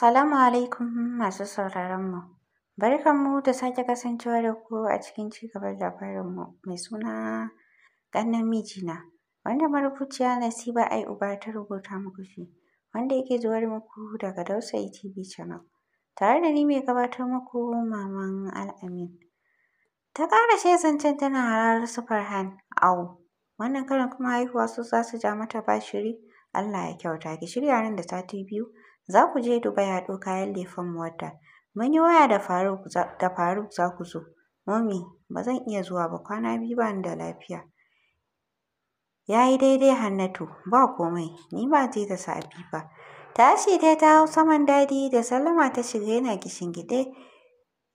Salamu alaikum masu sauraronmu. Barkanmu da sake kasancewa da ku a cikin cigaban labarinmu mai suna namiji mijina. Wanda marubuciya Nasiba Ai Uba ta rubuta muku shi, wanda yake zuwar muku daga Dausayi TV Channel. Tare da ni mai gabatar muku Maman Al'amin. Ta ƙara shi zancen tana harar su Farhan, au, wannan karin kuma haihuwa su za su ja mata bashiri, Allah ya kyauta, ki shirya nan da sati biyu za ku je Dubai haɗo kayan lefen mota. Mun yi waya da Faruk da Faruk za ku zo. Mami, ba zan iya zuwa ba kwana biyu ba ni da lafiya. Ya yi daidai Hannatu, ba komai, ni ba je da safi ba. Tashi dai ta hau saman dadi da Salama ta shiga yana gishingide.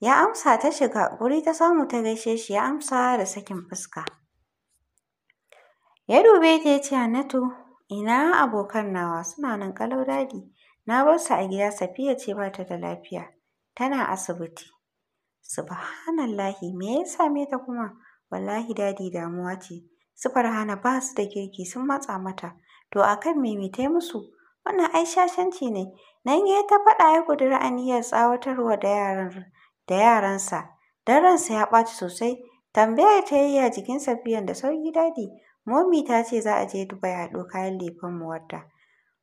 Ya amsa ta shiga, guri ta samu ta gaishe shi ya amsa da sakin fuska. Ya dube ta ya ce Hannatu, ina abokan nawa suna nan kalau dadi. Na bar su a gida Safiya ce ba ta da lafiya, tana asibiti. Subhanallahi me ya same ta kuma? Wallahi dadi damuwa ce. Su Farhana ba su da kirki sun matsa mata. To a kan me me tai musu? Wannan ai shashanci ne. Nan ya ta faɗa ya ƙudiri aniyar tsawatarwa da yaran da yaransa. Dan ransa ya ɓaci sosai. Tambaya ta yi ya jikin Safiyan da sauki dadi. Momi ta ce za a je Dubai haɗo kayan lefen mu wadda.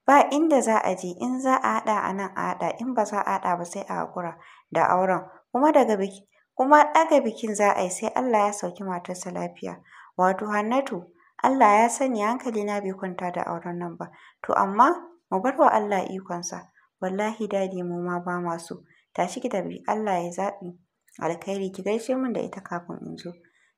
Ba inda za a je, in za a haɗa a nan a haɗa, in ba za a haɗa ba sai a haƙura da auren kuma ɗaga bikin za a yi sai Allah ya sauki matarsa lafiya. Wato Hannatu, Allah ya sani hankali na bai kwanta da auren nan ba, to amma mu bar wa Allah ikonsa, wallahi Dadi mu ma ba masu. tashi ki tafi Allah ya zabi alkhairi ki gaishe min da ita kafin in zo.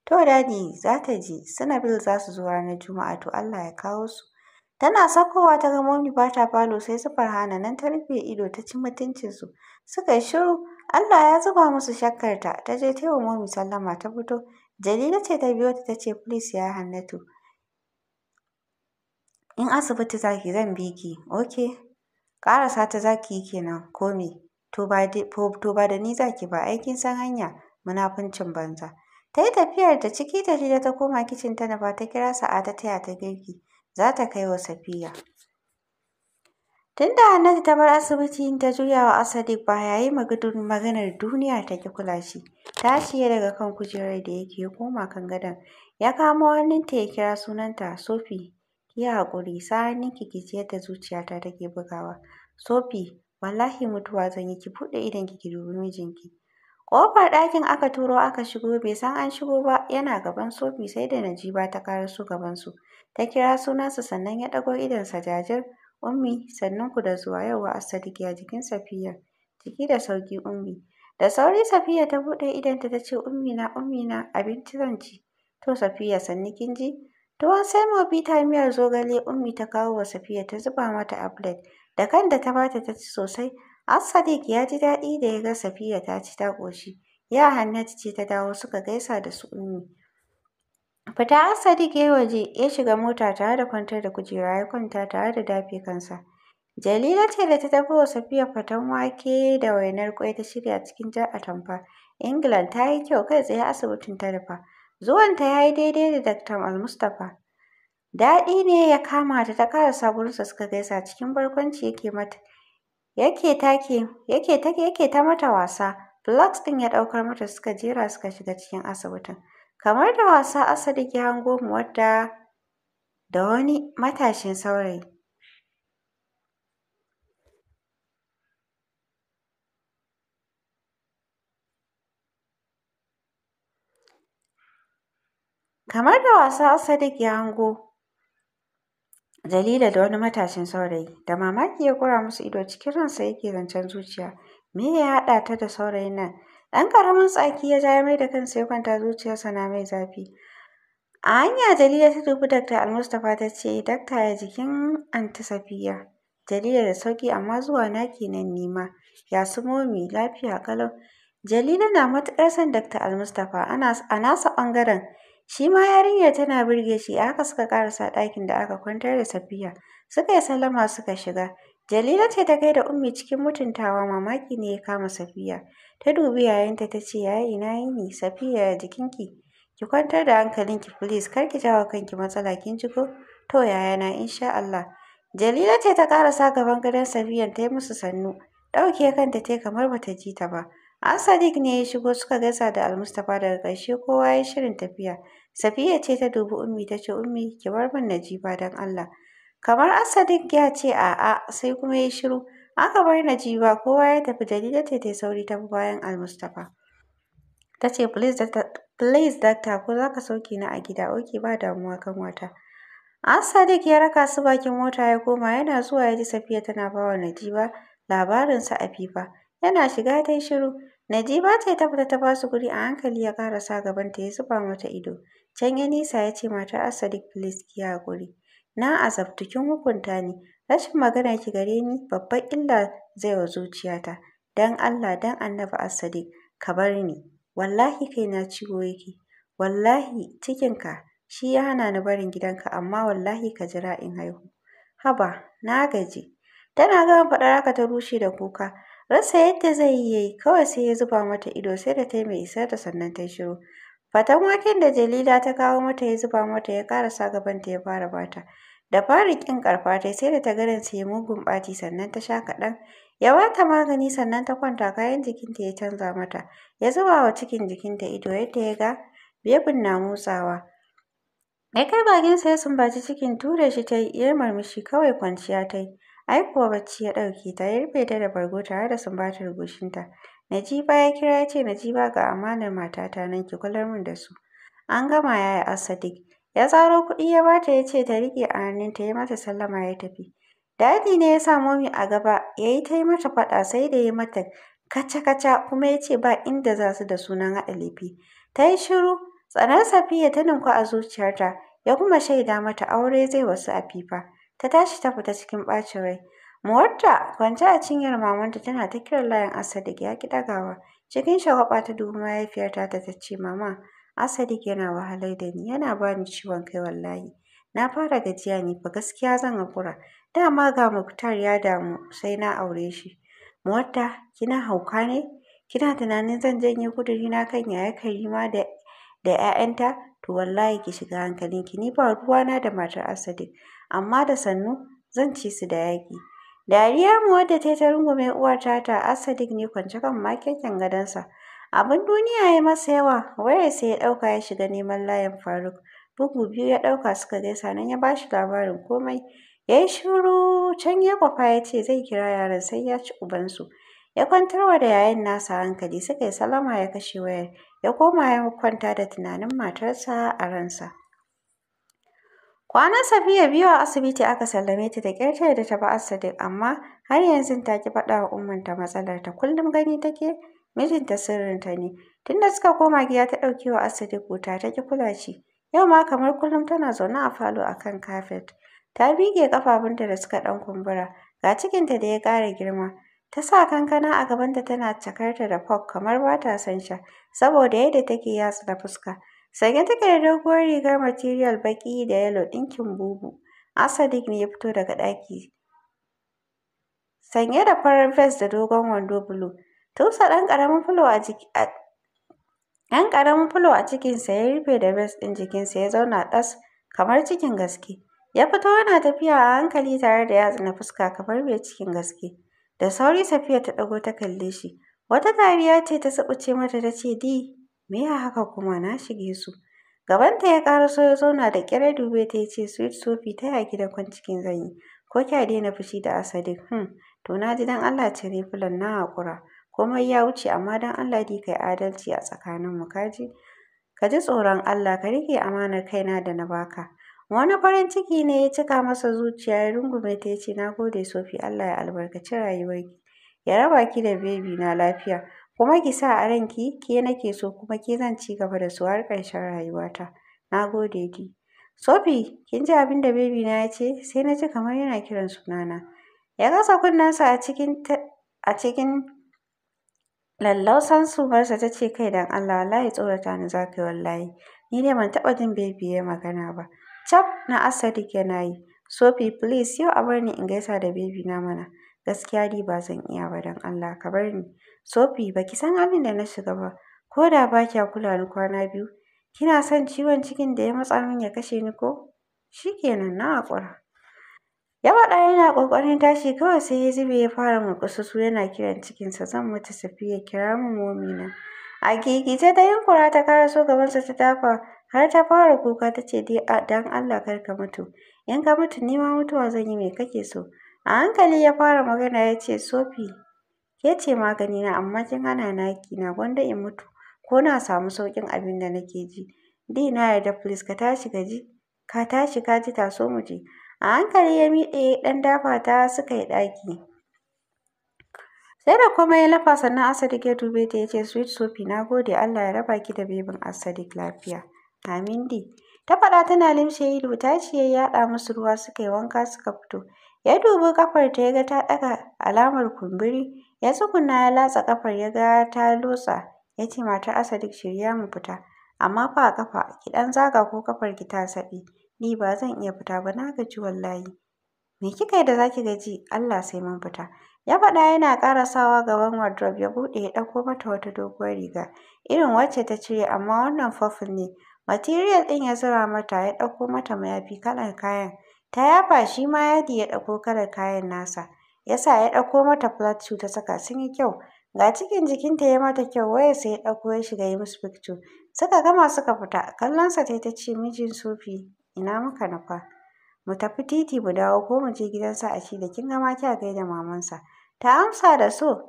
To Dadi za ta ji, Sanabil za su zo ranar Juma'a to Allah ya kawo su. Tana sakowa ta ga Momi ba ta falo sai su farhana nan ta rufe ido ta ci mutuncinsu. Suka yi shiru, Allah ya zuba musu shakkarta, ta je ta yi wa Momi sallama ta fito. Jalila ce ta biyo ta ta ce please ya Hannatu. In asibiti zaki zan bi ki, ok. Ƙarasa ta zaki yi kenan, ko To ba da ni zaki ba, aikin san hanya, munafuncin banza. Ta yi tafiyar ta ciki ta ta koma kicin ta ba ta kira sa'a ta taya ta girki. Zata ta kai wa Safiya. tunda Hannatu ta bar asibiti ta juya wa Asadik ba ya yi maganar duniya ta ki kula shi. Ta shiye daga kan kujerar da yake ya koma kan gadon. Ya kamo hannunta ya kira sunanta Sofi. Ki yi haƙuri, sa'anin ki ji yadda zuciyata take bugawa. Sofi, wallahi mutuwa zan yi ki buɗe idonki ki dubi mijinki. Ƙofar ɗakin aka turo aka shigo bai san an shigo ba yana gaban Sophie sai da Najiba ta su gaban su, Ta kira sunansa sannan ya ɗago idonsa jajir. Ummi sannan ku da zuwa a Asadiq ya jikin Safiya. Jiki da sauki Ummi. Da sauri Safiya ta buɗe idanta ta ce Ummi na Ummi na abinci zan ci. To Safiya sannu kin ji? Tuwon sai mobita miyar zogale Ummi ta kawo wa Safiya ta zuba mata a plate da kanta ta bata ta ci sosai Asadik ya ji daɗi da ya ga Safiya ta ci ta ƙoshi. Ya Hannatu ce ta dawo suka gaisa da su Ummi. Fita Asadik sadiq ya waje ya shiga mota tare da kwantar da kujera ya kwanta tare da dafe kansa. Jalila ce da ta tafi wa Safiya faten wake da wainar kwai ta shirya cikin jar atamfa. England ta yi kyau kai tsaye asibitin ta rufa. Zuwanta ya yi daidai da Dr. Al-Mustapha. Daɗi ne ya kama ta ta ƙarasa gurinsa suka gaisa cikin barkwanci yake mata. yake take yake take yake ta mata wasa blocks ɗin ya ɗaukar mata suka jera suka shiga cikin asibitin kamar da wasa asali ya hango mu wadda da wani matashin saurayi kamar da wasa asali ya hango Jalila da wani matashin saurayi da mamaki ya kura musu ido cikin ransa yake zancen zuciya. Me ya haɗa ta da saurayin nan? Ɗan ƙaramin tsaki ya ja ya mai da kansa ya kwanta zuciyarsa na mai zafi. A hanya Jalila ta dubi Dakta Almustapha ta ce, Dakta ya jikin Anti Safiya. Jalila da sauƙi amma zuwa na kenan nima. Ya su momi lafiya kalau. Jalila na matuƙar son Dakta Almustapha a nasa ɓangaren. Shi ma yarinyar tana birge shi a haka suka karasa ɗakin da aka kwantar da Safiya. Suka yi sallama suka shiga. Jalila ce ta kai da Ummi cikin mutuntawa mamaki ne ya kama Safiya. Ta dubi yayanta ta ce yaya ina yini Safiya ya jikinki. Ki kwantar da hankalinki please kar ki jawo kanki matsala kin ji ko? To yayana insha Allah. Jalila ce ta karasa gaban gadon Safiyan ta yi musu sannu. Ɗauke kanta ta kamar bata ji ta ba. Sadiq ne ya shigo suka gaisa da Almustapha daga ƙarshe kowa ya shirin tafiya. Safiya ce ta dubi Ummi ta ce Ummi ki bar min Najiba don Allah. Kamar Sadiq ya ce a'a sai kuma ya shiru. Aka bar Najiba kowa ya tafi Jalila ce ta sauri ta bi bayan Almustapha. Ta ce please dakta ko za ka sauke ni a gida oke ba damuwa kan wata. Sadiq ya raka su bakin mota ya koma yana zuwa ya ji Safiya tana bawa Najiba labarinsa a fifa. Yana shiga ta shiru. Najiba ta yi tafata ta basu guri a hankali ya sa gabanta ya zuba mata ido. Can ya nisa ya ce matar Asadik please ki haƙuri. Na azabtu kin hukunta ni. Rashin magana ki gare ni babbar illa zai wa zuciyata. Dan Allah dan Annabi Asadik ka bar ni. Wallahi kai na ciwo yake. Wallahi cikinka shi ya hana ni barin gidanka amma wallahi ka jira in haihu. Haba na gaji. Tana gama faɗar haka ta rushe da kuka. rasa yadda zai yi kawai sai ya zuba mata ido sai da ta yi mai isar da sannan ta shiru fatan waken da jalila ta kawo mata ya zuba mata ya karasa gaban ta ya fara bata da fara kin karfa ta sai da ta garin sai mugun bati sannan ta sha kaɗan ya bata magani sannan ta kwanta kayan jikinta ya canza mata ya zuba wa cikin jikinta ido yadda ya ga bebin na motsawa ya kai bakin sa ya sumbaci cikin ture shi ta yi ya murmushi kawai kwanciya ta yi Ai bacci ya ɗauke ta, ya rufe ta da bargo tare da sumbatar goshinta. Najiba ya kira ya ce, Najiba ga amanar matata nan ki kular min da su. An gama yaya Asadik. Ya tsaro kuɗi ya bata ya ce ta riƙe a hannunta ya mata sallama ya tafi. Dadi ne ya sa momi a gaba ya yi ta yi mata faɗa sai da ya mata kaca-kaca kuma ya ce ba inda za su da sunan haɗa lefi. Ta yi shiru, tsanar Safiya ta ninku a zuciyarta ya kuma shaida mata aure zai wasu a fifa ta tashi ta fita cikin ɓacin rai muwarta kwance a cinyar mamanta tana ta kiran layin asadik ya ki ɗagawa cikin shagwaba ta dubi mahaifiyarta ta ta ce mama asadik yana wahalai da ni yana bani ciwon kai wallahi na fara gajiya ne fa gaskiya zan haƙura dama ga muktar ya damu sai na aure shi muwarta kina hauka ne kina tunanin zan janye na kan yaya karima da da 'ya'yanta to wallahi ki shiga hankalinki ni ba ruwana da matar asadik amma da sannu zan ci su da yaƙi. Dariyar mu wadda ta yi ta rungume uwar tata Asadik ne kwance kan makekin gadonsa. Abin duniya ya masa yawa, wayar sai ya ɗauka ya shiga neman layin Faruk. Bugu biyu ya ɗauka suka gaisa nan ya bashi labarin komai. Ya yi shiru can ya kwafa ya ce zai kira yaran sai ya ci ubansu. Ya kwantarwa da yayan nasa hankali suka yi salama ya kashe wayar. Ya koma ya kwanta da tunanin matarsa a ransa. Kwanan Safiya biyu a asibiti aka sallame ta da ƙyar da ta ba sadiq amma har yanzu ta ki faɗa wa matsalar ta kullum gani take mijinta sirrinta ne. Tunda suka koma gida ta ɗauki wa sadiq wuta ta ki kula shi. Yau ma kamar kullum tana zaune a falo a kan kafet. Ta bige ƙafafunta da suka ɗan kumbura ga cikinta da ya ƙara girma. Ta sa kankana a gabanta tana cakarta da fok kamar ba ta son sha saboda yadda take yatsa da fuska. Sanye take da doguwar rigar material baƙi da yalo ɗinkin bubu. Asadik ne ya fito daga ɗaki sanye da farar vest da dogon wando bulu. Tusa ɗan ƙaramin filo a jiki ɗan ƙaramin a cikinsa ya rufe da vest ɗin jikinsa ya zauna ɗas kamar cikin gaske. Ya fito yana tafiya a hankali tare da yatsa na fuska kamar mai cikin gaske. Da sauri Safiya ta ɗago ta kalle shi. Wata dariya ce ta suɓuce mata ta ce, Di, Me ya haka kuma na shige su. Gabanta ya so ya zauna da ƙyar dube ta ya ce sweet sofi, ta ya gidan kwan cikin zan yi. Ko kya daina fushi da Asadik hmm to na ji dan Allah cire fulan na haƙura. Komai ya wuce amma dan Allah di kai adalci a tsakaninmu kaji. Ka ji tsoron Allah ka rike amanar kaina da na baka. Wani farin ciki ne ya cika masa zuciya ya rungume ta ya ce na gode sofi Allah ya albarkaci rayuwarki. Ya raba ki da bebi na lafiya. Kuma ki sa a ranki ke nake so kuma ke zan ci gaba da su har ƙarshen rayuwata. Na gode ki Sofi, kin ji abin da bebi na ya ce? Sai na ji kamar yana kiran sunana. Ya kasa kunnensa a cikin a cikin lallausan sumarsa ta ce kai dan Allah wallahi tsorata ni za ka yi wallahi. Ni ne ban taɓa jin bebi ya magana ba. Cap na ke na yi. Sofi, please yau a bar ni in gaisa da bebi na mana. Gaskiya ni ba zan iya ba dan Allah ka bar ni. Sophie ba ki san halin da na shiga ba, ko da ba kya kula ni kwana biyu, kina son ciwon cikin da ya matsa min ya kashe ni ko? Shi kenan na haƙura. Ya faɗa yana kokarin tashi kawai sai ya zube ya fara murƙususu yana kiran cikinsa zan mutu Safiya kira min momina. A gigice ta yunkura ta karaso gabansa ta tafa har ta fara kuka ta ce dai dan Allah kar ka mutu. In ka mutu ni ma mutuwa zan yi me kake so. A hankali ya fara magana ya ce Sophie Ya ce na amma kin hana naki na gwanda in mutu ko na samu saukin abin da nake ji. Di na yarda please ka tashi ka ji ka tashi ka ji taso mu je. A hankali ya miƙe ɗan dafa ta suka yi ɗaki. Sai da komai ya lafa sannan Asadik ya dube ta ya ce sweet Sophie na gode Allah ya raba ki da bebin Asadik lafiya. Amin di. Ta faɗa tana limshe ido ta ce ya yaɗa musu ruwa suka yi wanka suka fito. Ya dubi kafar ta ya ga ta ɗaga alamar kumburi. Ya tsuguna ya latsa ƙafar ya ga ta lotsa, ya ce matar Asadik shirya mu fita, amma fa a ƙafa, ki ɗan zaga ko ki ta saɓe, ni ba zan iya fita ba na gaji wallahi. Me kika yi da zaki gaji? Allah sai mun fita. Ya faɗa yana ƙarasawa gaban wardrobe ya buɗe ya ɗauko mata wata doguwar riga, irin wacce ta cire amma wannan fofin ne. Material ɗin ya zura mata ya ɗauko mata mayafi kalar kayan. Ta yafa shi ma yadi ya ɗauko kalar kayan nasa. ya sa ya ɗauko mata flat shoe ta saka sun yi kyau ga cikin jikinta ya mata kyau waya sai ya ɗauko ya shiga yi musu picture suka gama suka fita kallonsa ta ta ce mijin sufi ina muka nufa mu tafi titi mu dawo ko mu je gidansa a shi da kin gama kya gaida mamansa ta amsa da so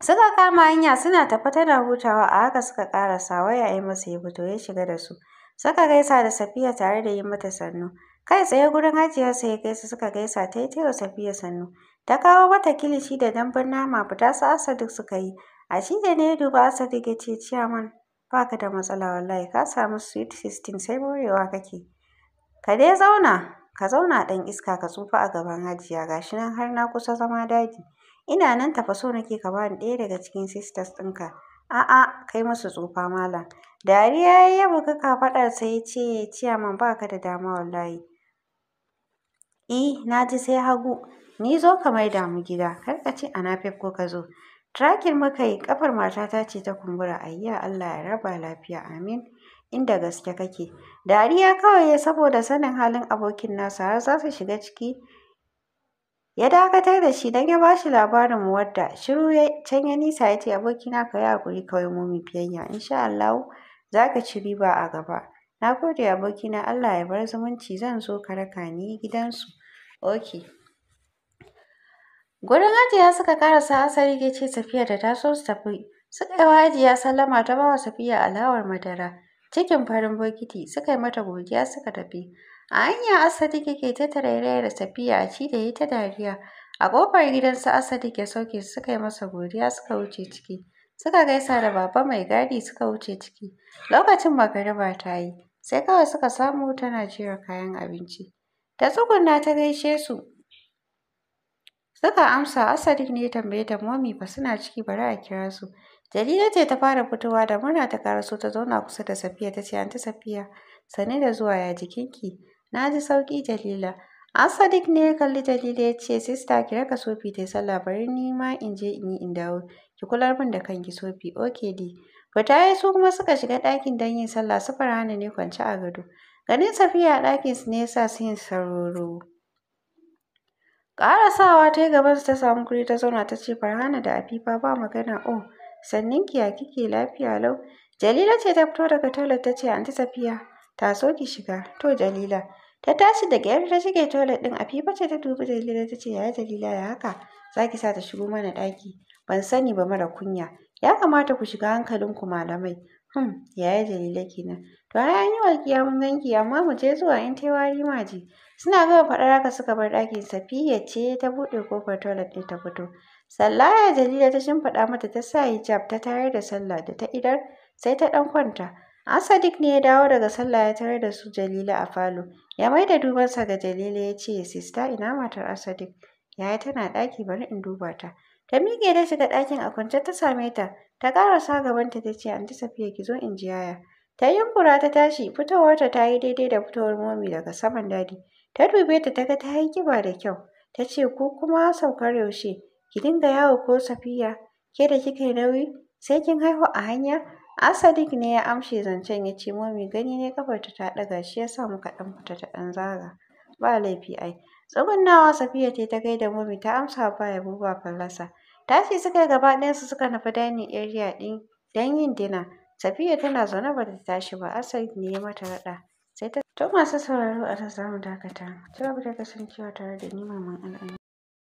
suka kama hanya suna tafi tana hutawa a haka suka ƙarasa waya ya masa ya fito ya shiga da su suka gaisa da safiya tare da yi mata sannu kai tsaye gurin ajiyarsa ya gaisa suka gaisa ta yi taiwa safiya sannu ta kawo mata kilishi da dambun nama fita su Asadik suka yi a shi ne ya duba Asadik ya ce ciyaman ba da matsala wallahi ka samu sweet 16 sai morewa kake ka dai zauna ka zauna ɗan iska ka tsufa a gaban hajiya gashi nan har na kusa zama daji ina nan tafa so nake ka bani ɗaya daga cikin sisters ɗinka a'a kai musu tsufa malam dariya ya kafaɗar, kafaɗarsa ya ce ciyaman ba da dama wallahi eh na ji sai hagu Ni zo ka maida mu gida, kar ka ce a napep ko ka zo. Tracking muka yi, ƙafar matata ce ta kumbura, ayya Allah ya raba lafiya, amin. Inda gaske kake. Dariya kawai ya saboda sanin halin abokin nasa har za su shiga ciki. Ya dakatar da shi dan ya ba shi labarin wadda shiru ya can ya nisa ya ce abokina ka yi hakuri kawai momi biyayya insha Allah za ka ci riba a gaba. Na gode abokina Allah ya bar zumunci zan zo ka raka ni gidansu. Okay. Gurin Hajiya suka karasa asali ya ce Safiya da taso su tafi. Suka yi wa Hajiya sallama ta bawa Safiya alawar madara. Cikin farin bokiti suka yi mata godiya suka tafi. A hanya Asadik ke ta tarairaya da Safiya a ci da yi ta dariya. A ƙofar gidan su asadi ya sauke suka yi masa godiya suka wuce ciki. Suka gaisa da baba mai gadi suka wuce ciki. Lokacin magariba ta yi. Sai kawai suka samu tana jera kayan abinci. Ta tsuguna ta gaishe su Suka amsa Asadik ne ya tambaye ta Mami ba suna ciki bari a kira su. Jalila ce ta fara fitowa da murna ta karaso ta zauna kusa da Safiya ta ce anta Safiya sani da zuwa ya jikinki. Na ji sauki Jalila. Asadik ne ya kalli Jalila ya ce sista ki raka Sofi ta yi sallah bari ni ma in je in yi in dawo. Ki kular min da kanki Sofi oke di. Fita ya su kuma suka shiga ɗakin don yin sallah sufar hana ne kwance a gado. Ganin Safiya a ɗakin su ne ya sa su yin sauraro. Ƙarasawa ta yi su ta samu kuri ta zauna ta ce Farhana da Afifa ba magana o oh, sannin kiya kike lafiya lau. Jalila ce ta fito daga toilet ta ce anti Safiya ta so ki shiga to Jalila. Ta tashi daga gyar ta shige toilet din Afifa ce ta dubi Jalila ta ce yaya Jalila ya haka za ki sa ta shigo mana ɗaki ban sani ba mara kunya ya kamata ku shiga hankalin ku malamai. "Hum, yaya Jalila kenan to ai an yi walƙiya mun ganki amma mu je zuwa in tai wari maji suna gama faɗar haka suka bar ɗakin safiya ce ta buɗe kofar toilet ɗin ta fito sallaya jalila ta shimfiɗa mata ta sa hijab ta tayar da sallah da ta idar sai ta ɗan kwanta asadik ne ya dawo daga sallah ya tayar da su jalila a falo ya mai da dubansa ga jalila ya ce sista ina matar asadik yaya tana ɗaki bari in duba ta ta miƙe ta shiga ɗakin a kwance ta same ta ta sa gabanta ta ce "An anti safiya ki zo in ji yaya ta yunkura ta tashi fitowarta ta yi daidai da fitowar momi daga saman daɗi. Ta dube ta ta ga ta yi kiba da kyau. Ta ce ku kuma saukar yaushe ki dinga yawo ko safiya ke da kika yi nauyi sai kin haihu a hanya. asadik ne ya amshe zancen ya ce mami. gani ne kafarta ta ɗaga shi ya sa muka ɗan fita ta ɗan zaga. Ba laifi ai. Tsugunnawa Safiya ce ta gaida mami ta amsa ba yabo ba fallasa. Tashi suka yi gaba ɗayansu suka nufi dining area ɗin don yin dina. Safiya tana zaune ba ta tashi ba, asadik ne ya mata raɗa. sai ta to masu sauraro a ta samu dakata. cewa gaba da kasancewa tare da ni maman al'ada